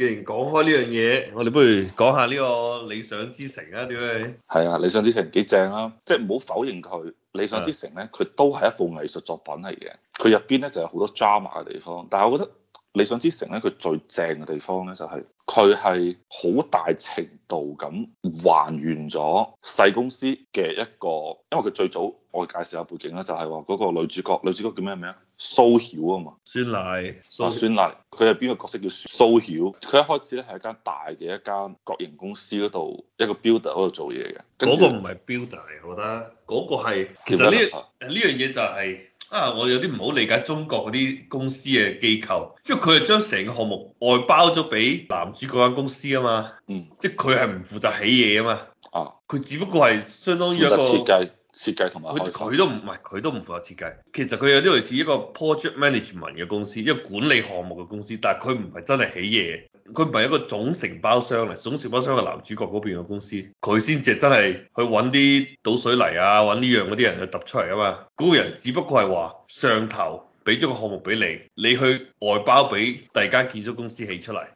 既然講開呢樣嘢，我哋不如講下呢個理想之城啊，點解？係啊，理想之城幾正啊！即係唔好否認佢，理想之城呢，佢都係一部藝術作品嚟嘅。佢入邊呢就有好多 drama 嘅地方，但係我覺得理想之城呢，佢最正嘅地方呢，就係佢係好大程度咁還原咗細公司嘅一個，因為佢最早我介紹下背景啦，就係話嗰個女主角，女主角叫咩名？蘇曉啊嘛，孫儷，啊孫儷，佢係邊個角色叫蘇曉？佢一開始咧係一間大嘅一間國營公司嗰度，一個 builder 嗰度做嘢嘅。嗰個唔係 builder 嚟，我覺得嗰、嗰個係。其實呢呢樣嘢就係啊，我有啲唔好理解中國嗰啲公司嘅機構，因為佢係將成個項目外包咗俾男主角間公司啊嘛。嗯。嗯即係佢係唔負責起嘢啊嘛。哦、啊。佢只不過係相當於一個設計。設計同埋佢佢都唔係佢都唔符合設計，其實佢有啲類似一個 project management 嘅公司，一個管理項目嘅公司，但係佢唔係真係起嘢，佢唔係一個總承包商嚟，總承包商係男主角嗰邊嘅公司，佢先至真係去搵啲倒水泥啊，搵呢樣嗰啲人去揼出嚟啊嘛，嗰個人只不過係話上頭俾咗個項目俾你，你去外包俾第二間建築公司起出嚟。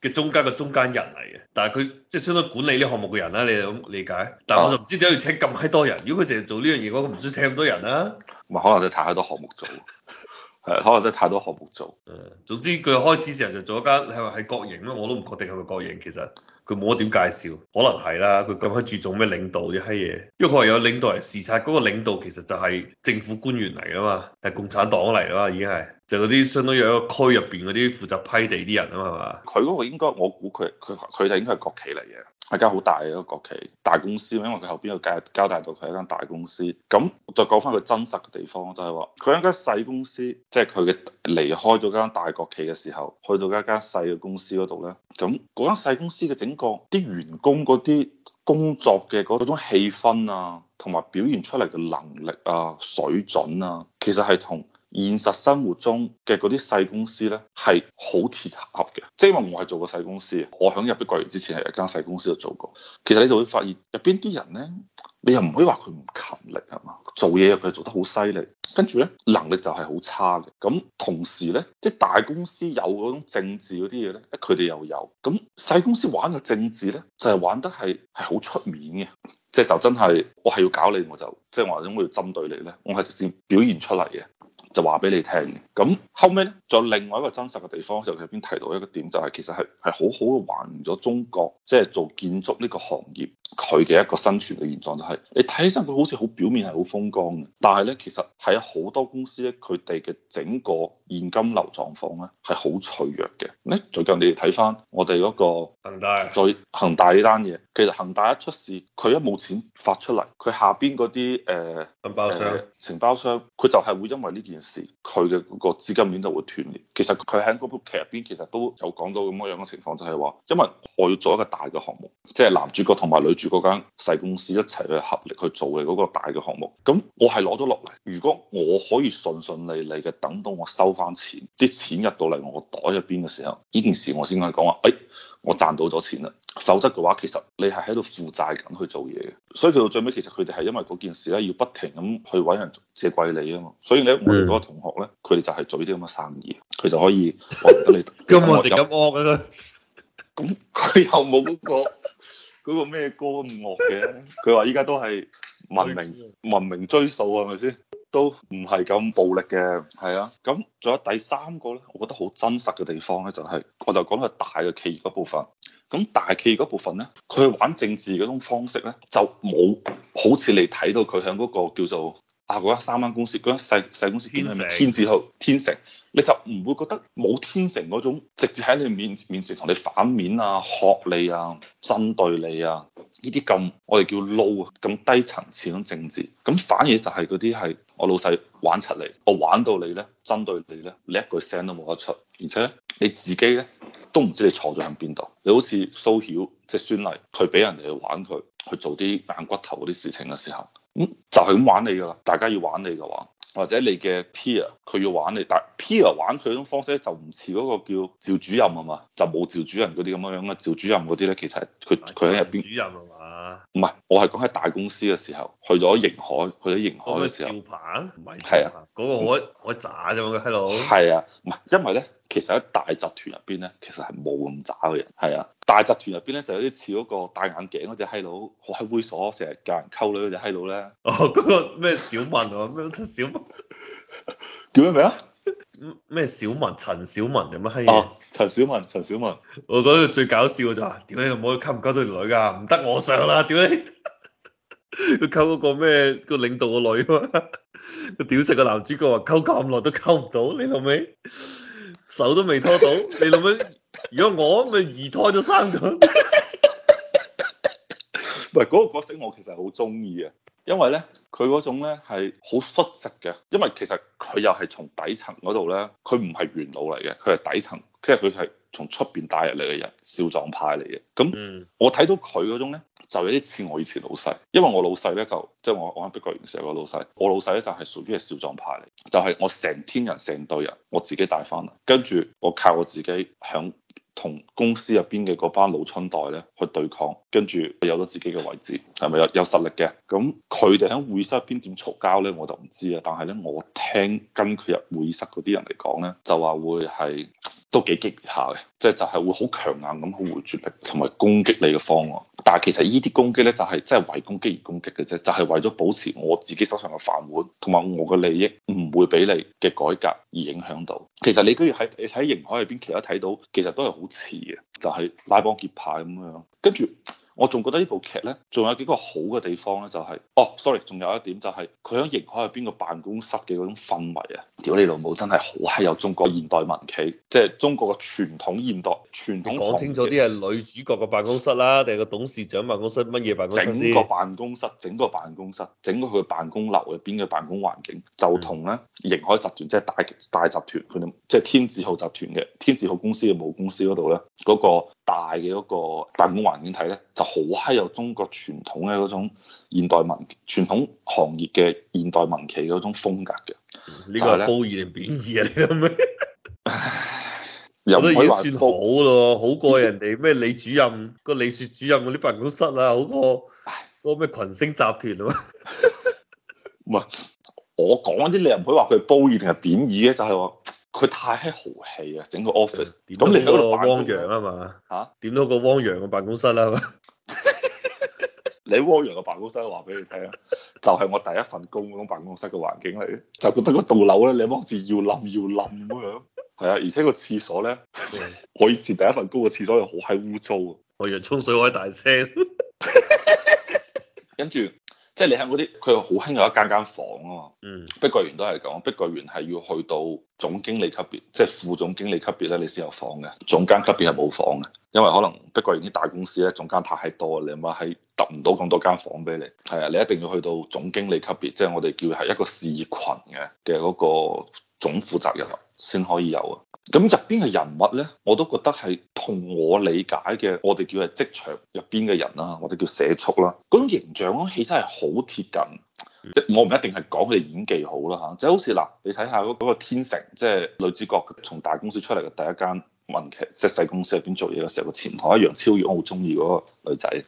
嘅中間嘅中間人嚟嘅，但係佢即係相當管理呢項目嘅人啦，你係咁理解？但係我就唔知點解要請咁閪多人，如果佢成日做呢樣嘢，我唔需要請咁多人啦、啊。唔係，可能真係太多項目做，係， 可能真係太多項目做。嗯，總之佢開始成日就做一間係係國營咯，我都唔確定係咪國營其實。佢冇乜點介紹，可能係啦、啊。佢咁閪注重咩領導啲閪嘢，因為佢話有領導嚟視察，嗰、嗰個領導其實就係政府官員嚟噶嘛，係共產黨嚟噶嘛，已經係就嗰啲相當於有一個區入邊嗰啲負責批地啲人啊嘛，係嘛？佢嗰個應該我估佢佢佢就應該係國企嚟嘅。係間好大嘅一個國企大公司，因為佢後邊又有交代到佢係一間大公司。咁再講翻佢真實嘅地方，就係話佢喺間細公司，即係佢嘅離開咗間大國企嘅時候，去到一間細嘅公司嗰度呢。咁嗰間細公司嘅整個啲員工嗰啲工作嘅嗰種氣氛啊，同埋表現出嚟嘅能力啊、水準啊，其實係同現實生活中嘅嗰啲細公司咧，係好貼合嘅。即係因為我係做過細公司，我響入碧桂園之前係一間細公司度做過。其實你就會發現入邊啲人咧，你又唔可以話佢唔勤力吖嘛，做嘢又佢又做得好犀利，跟住咧能力就係好差嘅。咁同時咧，即係大公司有嗰種政治嗰啲嘢咧，佢哋又有，咁細公司玩嘅政治咧就係、是、玩得係係好出面嘅，即、就、係、是、就真係我係要搞你，我就即係話我要針對你咧，我係直接表現出嚟嘅。就話俾你聽嘅，咁後尾，咧仲有另外一個真實嘅地方，就入邊提到一個點，就係、是、其實係係好好還原咗中國，即、就、係、是、做建築呢個行業。佢嘅一個生存嘅現狀就係、是，你睇起身佢好似好表面係好風光嘅，但係呢，其實喺好多公司咧，佢哋嘅整個現金流狀況呢係好脆弱嘅。咧最近你哋睇翻我哋嗰、那個恒大，再恒大呢單嘢，其實恒大一出事，佢一冇錢發出嚟，佢下邊嗰啲誒承包商、承、呃、包商，佢就係會因為呢件事，佢嘅嗰個資金鏈就會斷裂。其實佢喺嗰部劇入邊其實都有講到咁樣嘅情況就，就係話因為我要做一個大嘅項目，即係男主角同埋女住嗰間細公司一齊去合力去做嘅嗰個大嘅項目，咁我係攞咗落嚟。如果我可以順順利利嘅等到我收翻錢，啲錢入到嚟我袋入邊嘅時候，呢件事我先可以講話，誒、哎，我賺到咗錢啦。否則嘅話，其實你係喺度負債緊去做嘢嘅。所以佢到最尾，其實佢哋係因為嗰件事咧，要不停咁去搵人借貴利啊嘛。所以咧，我哋嗰個同學咧，佢哋就係做呢啲咁嘅生意，佢就可以惡得嚟。咁我哋咁惡啊？咁佢 又冇講。嗰個咩歌咁惡嘅？佢話依家都係文明 文明追數，係咪先？都唔係咁暴力嘅，係啊。咁仲有第三個咧，我覺得好真實嘅地方咧、就是，就係我就講到大嘅企業嗰部分。咁大企業嗰部分咧，佢玩政治嗰種方式咧，就冇好似你睇到佢響嗰個叫做啊嗰間、那個、三間公司嗰間細細公司天成係咪天字號天成？你就唔會覺得冇天成嗰種直接喺你面前面前同你反面啊、學你啊、針對你啊，呢啲咁我哋叫 low 啊，咁低層次嘅政治，咁反而就係嗰啲係我老細玩出嚟，我玩到你呢，針對你呢，你一句聲都冇得出，而且你自己呢，都唔知你錯咗喺邊度，你好似蘇曉即係、就是、孫儷，佢俾人哋去玩佢，去做啲硬骨頭嗰啲事情嘅時候，就係咁玩你噶啦，大家要玩你嘅話。或者你嘅 peer 佢要玩你，但 peer 玩佢嗰種方式咧就唔似嗰個叫趙主任係嘛，就冇趙主任嗰啲咁樣嘅，趙主任嗰啲咧其實係佢佢喺入邊。唔係，我係講喺大公司嘅時候，去咗盈海，去咗盈海嘅時候。咩招牌？唔係，係啊，嗰是、啊、個我我渣咗嘛，閪佬。係啊，唔係，因為咧，其實喺大集團入邊咧，其實係冇咁渣嘅人。係啊，大集團入邊咧，就有啲似嗰個戴眼鏡嗰隻閪佬，喺會所成日教人溝女嗰隻閪佬咧。哦，嗰、嗰個咩小文喎、啊？咩小文？ 叫咩名啊？咩小文陳小文咁樣閪嘢，陳小文陳小文，我覺得最搞笑就係、是，屌你唔可以溝唔溝到條女㗎、啊，唔得我上啦，屌你，佢溝嗰個咩、嗰個領導個女啊，個屌食個男主角話溝咁耐都溝唔到，你老尾手都未拖到，你老尾 如果我咪二胎都生咗。 唔係嗰個角色，我其實好中意啊，因為咧，佢嗰種咧係好率直嘅，因為其實佢又係從底層嗰度咧，佢唔係元老嚟嘅，佢係底層，即係佢係從出邊帶入嚟嘅人，少壯派嚟嘅。咁我睇到佢嗰種咧，就有啲似我以前老細，因為我老細咧就即係我我啱啱碧桂園時候個老細，我老細咧就係、是、屬於係少壯派嚟，就係、是、我成天人成隊人，我自己帶翻嚟，跟住我靠我自己響。同公司入邊嘅嗰班老春代咧去對抗，跟住有咗自己嘅位置，係咪有有實力嘅？咁佢哋喺會議室入邊點嘈交呢？我就唔知啊。但係呢，我聽跟佢入會議室嗰啲人嚟講呢，就話會係都幾激烈下嘅，即係就係、是、會好強硬咁，去回絕力，同埋攻擊你嘅方案。但係其實呢啲攻擊呢，就係、是、真係為攻擊而攻擊嘅啫，就係、是、為咗保持我自己手上嘅飯碗同埋我嘅利益，唔會俾你嘅改革而影響到。其實你居然喺你喺營海入邊，其他睇到其實都係好似嘅，就係、是、拉幫結派咁樣，跟住。我仲覺得呢部劇呢，仲有幾個好嘅地方呢。就係，哦，sorry，仲有一點就係佢喺盈海入邊個辦公室嘅嗰種氛圍啊！屌你老母，真係好係有中國現代民企，即係中國嘅傳統現代傳統。講清楚啲係女主角嘅辦公室啦，定係個董事長辦公室，乜嘢辦公室？整個辦公室，整個辦公室，整個佢嘅辦公樓入邊嘅辦公環境，就同呢盈海集團即係大大集團，佢哋即係天字號集團嘅天字號公司嘅母公司嗰度呢，嗰個大嘅嗰個辦公環境睇呢。就好嗨有中國傳統嘅嗰種現代文傳統行業嘅現代文企嗰種風格嘅，呢個係褒義定貶義啊？你諗咩？我都已經算好咯， 好過人哋咩李主任個李雪主任嗰啲辦公室啊，好過嗰咩、那個那個、群星集團啊嘛。唔 係，我講啲你唔可以話佢褒義定係貶義嘅，就係、是、話。佢太係豪氣啊！整個 office 點到個汪洋啊嘛，點到個汪洋嘅辦公室啦。你汪洋嘅、啊、辦公室話俾 你聽，就係、是、我第一份工嗰種辦公室嘅環境嚟，就覺得個棟樓咧，你望住要冧要冧咁樣。係啊，而且個廁所咧， 我以前第一份工嘅廁所又好係污糟，我用沖水開大聲， 跟住。即係你喺嗰啲，佢好興有一間間房啊嘛、嗯。碧桂園都係講，碧桂園係要去到總經理級別，即係副總經理級別咧，你先有房嘅。總監級別係冇房嘅，因為可能碧桂園啲大公司咧，總監太多，你係咪喺揼唔到咁多間房俾你？係啊，你一定要去到總經理級別，即係我哋叫係一個事業群嘅嘅嗰個總負責人先可以有啊。咁入邊嘅人物咧，我都覺得係同我理解嘅，我哋叫係職場入邊嘅人啦，或者叫社畜啦，嗰種形象咧，其實係好貼近。我唔一定係講佢哋演技好啦，即就好似嗱，你睇下嗰個天成，即係女主角從大公司出嚟嘅第一間雲劇，即係細公司入邊做嘢嘅時候，個前台，阿楊超越我好中意嗰個女仔，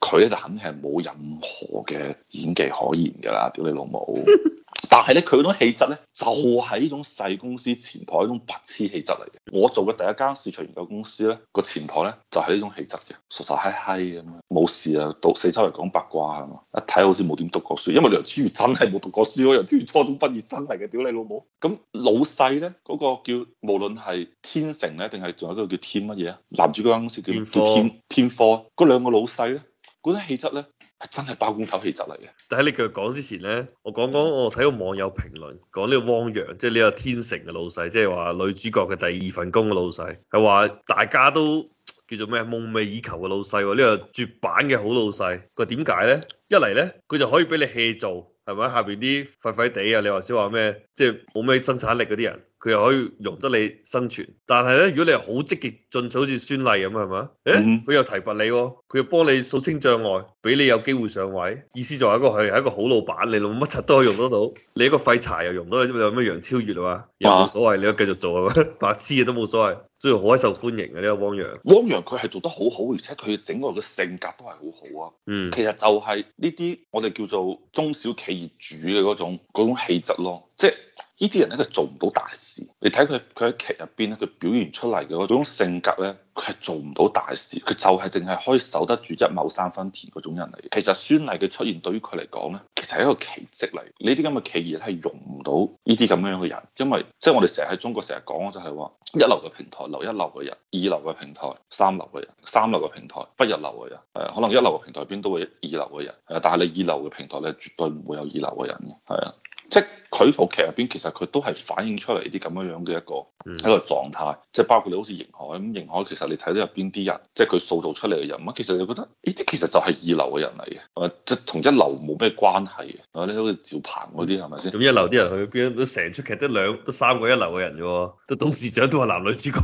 佢咧就肯定係冇任何嘅演技可言㗎啦，屌你老母！ 但係咧，佢嗰種氣質咧，就係呢種細公司前台嗰種白痴氣質嚟嘅。我做嘅第一間市場研究公司咧，個前台咧就係呢種氣質嘅，傻傻閪閪咁樣，冇事啊，到四周嚟講八卦係嘛？一睇好似冇點讀過書，因為梁子如真係冇讀過書，梁子如初中畢業生嚟嘅，屌你老母！咁老細咧，嗰個叫無論係天成咧，定係仲有一個叫天乜嘢啊？男主嗰間公司叫天科叫天天科，嗰兩個老細咧，嗰種氣質咧。真係包工頭氣質嚟嘅。但喺你繼續講之前咧，我講講我睇個網友評論，講呢個汪洋，即係呢個天成嘅老細，即係話女主角嘅第二份工嘅老細，係話大家都叫做咩夢寐以求嘅老細，呢、這個絕版嘅好老細。佢點解咧？一嚟咧，佢就可以俾你 hea 做，係咪？下邊啲廢廢哋啊！你話先話咩？即係冇咩生產力嗰啲人。佢又可以容得你生存，但係咧，如果你係好積極進取，好似孫儷咁啊，係嘛？誒、欸，佢又提拔你，啊，佢又幫你掃清障礙，俾你有機會上位。意思就係一個係係一個好老闆，你老母乜柒都可以用得到。你一個廢柴又用到你，即有咩楊超越啊嘛，又冇所謂，你都繼續做啊嘛，白痴嘢都冇所謂，所以好受歡迎啊呢、這個汪洋。汪洋佢係做得好好，而且佢整個人嘅性格都係好好啊。嗯，其實就係呢啲我哋叫做中小企業主嘅嗰種嗰種氣質咯。即係呢啲人咧，佢做唔到大事。你睇佢佢喺劇入邊咧，佢表現出嚟嘅嗰種性格咧，佢係做唔到大事。佢就係淨係可以守得住一畝三分田嗰種人嚟。其實孫儷嘅出現對於佢嚟講咧，其實係一個奇蹟嚟。呢啲咁嘅企業咧係容唔到呢啲咁樣嘅人，因為即係、就是、我哋成日喺中國成日講就係話，一流嘅平台留一流嘅人，二流嘅平台三流嘅人，三流嘅平台不入流嘅人。誒，可能一流嘅平台入邊都會有二流嘅人，但係你二流嘅平台咧絕對唔會有二流嘅人嘅，係啊。即係佢套劇入邊，其實佢都係反映出嚟啲咁樣樣嘅一個一個狀態，嗯、即係包括你好似邢海咁，邢海其實你睇到入邊啲人，即係佢塑造出嚟嘅人物，其實你覺得呢啲其實就係二流嘅人嚟嘅，即係同一流冇咩關係嘅，啊你睇嗰啲趙鵬嗰啲係咪先？咁、嗯、一流啲人去邊？成出劇得兩、得三個一流嘅人啫喎，都董事長都係男女主角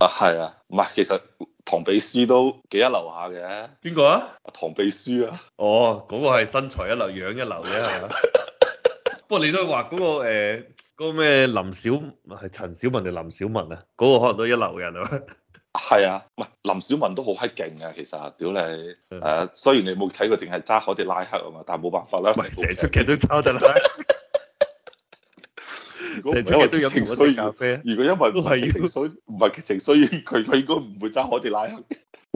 啊，係啊，唔係其實唐秘書都幾一流下嘅。邊個啊？唐秘書啊？哦，嗰、嗰個係身材一流、樣一流嘅嚇。你都係話嗰個誒咩、欸那個、林小係陳小文定林小文啊？嗰、那個可能都一流人啊！係啊，唔係林小文都好閪勁啊！其實屌你誒、呃，雖然你冇睇過，淨係揸可迪拉克啊嘛，但係冇辦法啦，唔係成出劇都揸得啦。如果因為情慾，如果因為都係情慾，唔係劇情，所以佢佢應該唔會揸可迪拉克。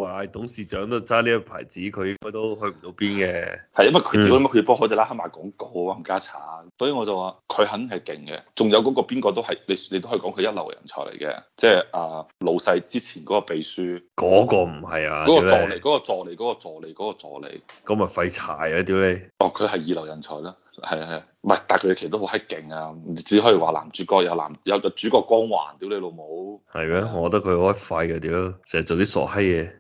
話董事長都揸呢個牌子，佢都去唔到邊嘅。係因為佢自己佢要幫海地拉肯埋廣告啊，更加慘。所以我就話佢肯係勁嘅。仲有嗰個邊個都係你，你都可以講佢一流人才嚟嘅。即係阿老細之前嗰個秘書，嗰個唔係啊，嗰個助理，嗰個助理，嗰個助理，嗰個助理，咁咪廢柴啊！屌你哦，佢係二流人才啦。係啊係，啊，唔係，但係佢哋其實都好閪勁啊，只可以話男主角有男有主角光環，屌你老母！係咩？我覺得佢好閪快嘅，屌，成日做啲傻閪嘢。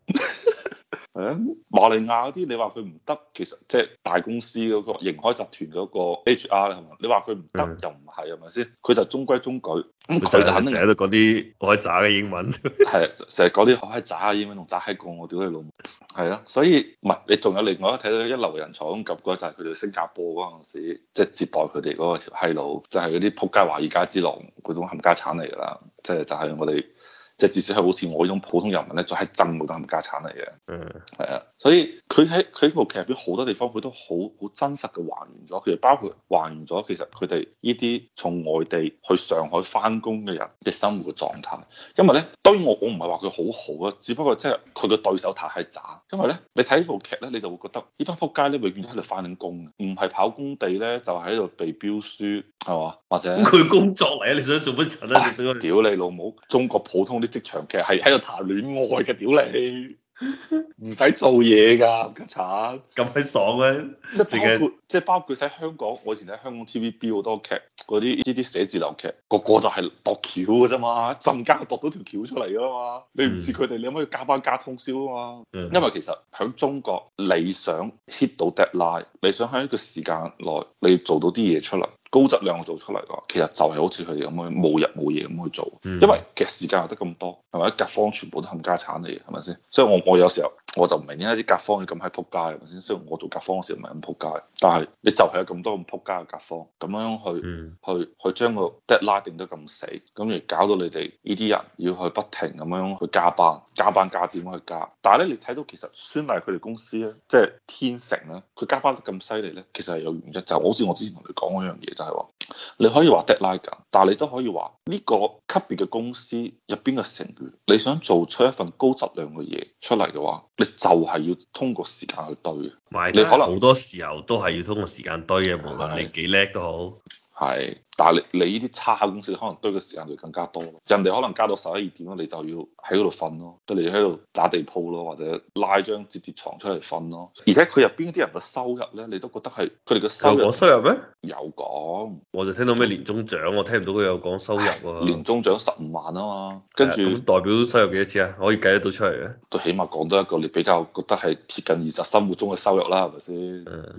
誒、哎，馬利亞嗰啲，你話佢唔得，其實即係大公司嗰、那個盈海集團嗰個 HR 咧，係嘛、嗯？你話佢唔得又唔係，係咪先？佢就中規中矩。佢成日都講啲開炸嘅英文。係啊， 成日講啲開炸嘅英文同炸閪講，我屌你老母！係啊，所以唔係你仲有另外一睇到一流人才咁及講，就係佢哋新加坡嗰陣時，即、就、係、是、接待佢哋嗰個條閪佬，就係嗰啲撲街華爾街之狼嗰種冚家產嚟㗎啦，即係就係、是、我哋。即係至少係好似我呢種普通人民咧，就係真冇得冚家產嚟嘅。嗯、mm。係、hmm. 啊，所以佢喺佢部劇入邊好多地方，佢都好好真實嘅還原咗。其實包括還原咗其實佢哋呢啲從外地去上海翻工嘅人嘅生活嘅狀態。因為咧，當然我我唔係話佢好好啊，只不過即係佢嘅對手太渣。因為咧，你睇呢部劇咧，你就會覺得呢班撲街咧永遠喺度翻緊工，唔係跑工地咧，就喺、是、度被標書係嘛，或者咁佢工作嚟啊？你想做乜神啊？屌你老母！中國普通啲。職場劇係喺度談戀愛嘅屌你，唔使做嘢㗎，家產咁鬼爽啊！即係包括，即係包括喺香港， 我以前喺香港 TVB 好多劇，嗰啲呢啲寫字樓劇， 個個就係度橋㗎啫嘛，陣 間度到條橋出嚟㗎嘛。你唔知佢哋，你可唔可以加班加通宵啊？嘛？ 因為其實喺中國，你想 hit 到 deadline，你想喺一個時間內你做到啲嘢出嚟。高質量做出嚟㗎，其實就係好似佢哋咁樣無日無夜咁去做的，嗯、因為其實時間有得咁多，係咪甲方全部都冚家產嚟，係咪先？所以我我有時候。我就唔明點解啲甲方要咁喺撲街，係咪先？雖然我做甲方嘅時候唔係咁撲街，但係你就係有咁多咁撲街嘅甲方，咁樣去、嗯、去去將個 deadline 定得咁死，咁而搞到你哋呢啲人要去不停咁樣去加班，加班加點去加。但係咧，你睇到其實孫儷佢哋公司咧，即係天成咧，佢加班得咁犀利咧，其實係有原因，就係、好似我之前同你講嗰樣嘢，就係話。你可以話 deadline 嘅，但係你都可以話呢個級別嘅公司入邊嘅成員，你想做出一份高質量嘅嘢出嚟嘅話，你就係要通過時間去堆。嘅係，你可能好多時候都係要通過時間堆嘅，無論你幾叻都好。係，但係你你依啲差公司可能堆嘅時間就更加多，人哋可能加到十一二點咯，你就要喺嗰度瞓咯，即係你喺度打地鋪咯，或者拉張摺疊床出嚟瞓咯。而且佢入邊啲人嘅收入咧，你都覺得係佢哋嘅收入有講 收入咩？有講，我就聽到咩年終獎，我聽唔到佢有講收入啊。年終獎十五萬啊嘛，跟住代表收入幾多錢啊？我可以計得到出嚟嘅？都起碼講到一個你比較覺得係貼近現實生活中嘅收入啦，係咪先？ 嗯